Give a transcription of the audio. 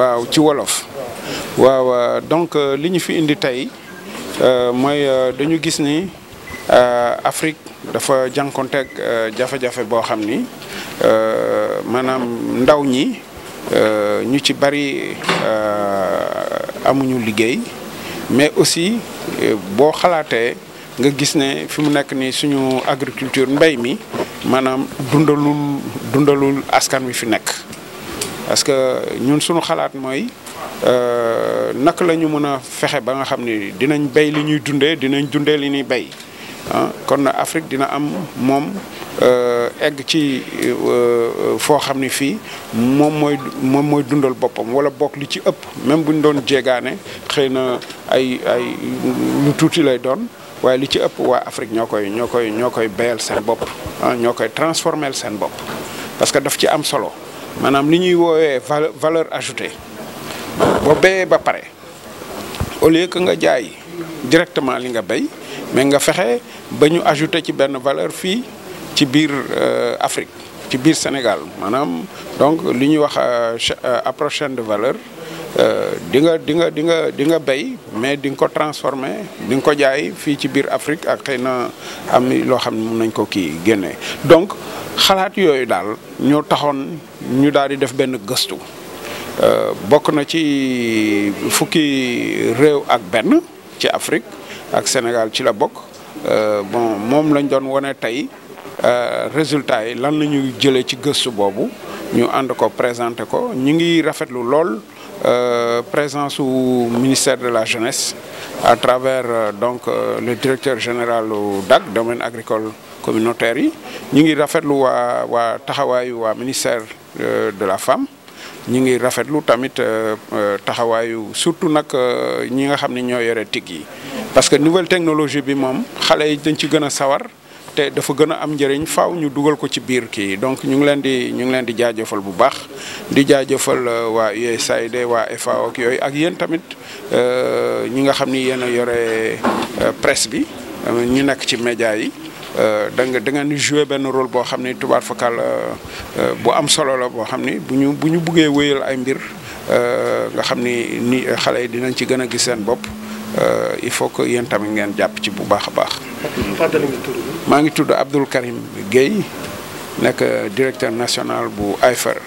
waaw ci wolof waaw euh, donc euh, li ñu fi indi tey euh, mooy dañu gis ni Afrique dafa jànkonteeg jafe-jafe boo xam ni maanaam ndaw ñi ñu ci bari amuñu liggéey mais aussi boo xalaatee nga gis ne fi mu nekk ni suñu agriculture mbay mi maanaam dundalul dundalul askan wi fi nekk parce que ñun suñu xalaat mooy euh, naka la ñu mën a fexe ba nga xam ni dinañ béy li ñuy dundee dinañ dundee li ñuy béy ah. kon na Afrique dina am moom euh, egg ci euh, foo xam ni fii moom mooy mooy dundal boppam wala bokk li ci ëpp même bu ñu doon jéegaane xëy na ay ay lu tuuti lay doon waaye li ci ëpp waa Afrique ñoo koy ñoo koy ñoo koy béyal seen bopp ah, ñoo koy transformeel seen bopp parce que daf ci am solo. maanaam li ñuy woowee valeur ajoutée boo béyee ba pare au lieu que nga jaay directement li nga béy mais nga fexe ba ñu ajouté ci benn valeur fii ci biir euh, Afrique ci biir Sénégal maanaam donc li ñuy wax euh, euh, approche chaîne de valeur Euh, di dinga dinga nga di nga di nga béy mais di nga ko transformer di nga ko jaay fii ci biir Afrique ak xëy na am loo xam ne mun nañ ko ki génne donc xalaat yooyu daal ñoo taxoon ñu daal di def benn gëstu euh, bokk na ci fukki réew ak benn ci Afrique ak Sénégal ci la bokk euh, bon moom lañ doon wane tey Euh, résultat yi lan la ñuy jëlee ci gëstu boobu ñu ànd ko présenté ko ñu ngi rafetlu lool euh, présence su ministère de la jeunesse à travers euh, donc le directeur général du DAC domaine agricole communautaire yi ñu ngi rafetlu waa waa taxawaayu waa ministère de la femme ñu ngi rafetlu tamit taxawaayu surtout nag ñi nga xam ni ñoo yore TIC yi parce que nouvelle technologie bi moom xale yi dañ ci gën a sawar dafa gën a am njëriñ faw ñu dugal ko ci biir kii donc ñu ngi leen di ñu ngi leen di jaajëfal bu baax di jaajëfal euh, waa USAID waa FAO yooyu ak yéen tamit euh, ñi nga xam ni yéen a yore euh, presse bi ñu nekk ci média yi. da nga da ngeen di joué benn rôle boo xam ni tubaab fakal bu am solo la boo xam ni bu ñu ñu buggee wéyal ay mbir nga xam ni ni xale yi dinañ ci gën a gis seen bopp. Euh, il faut que yéen tamit ngeen jàpp ci bu baax a baax. maa ngi tudd Abdoul Karim Guèye nekk directeur national bu AIFR.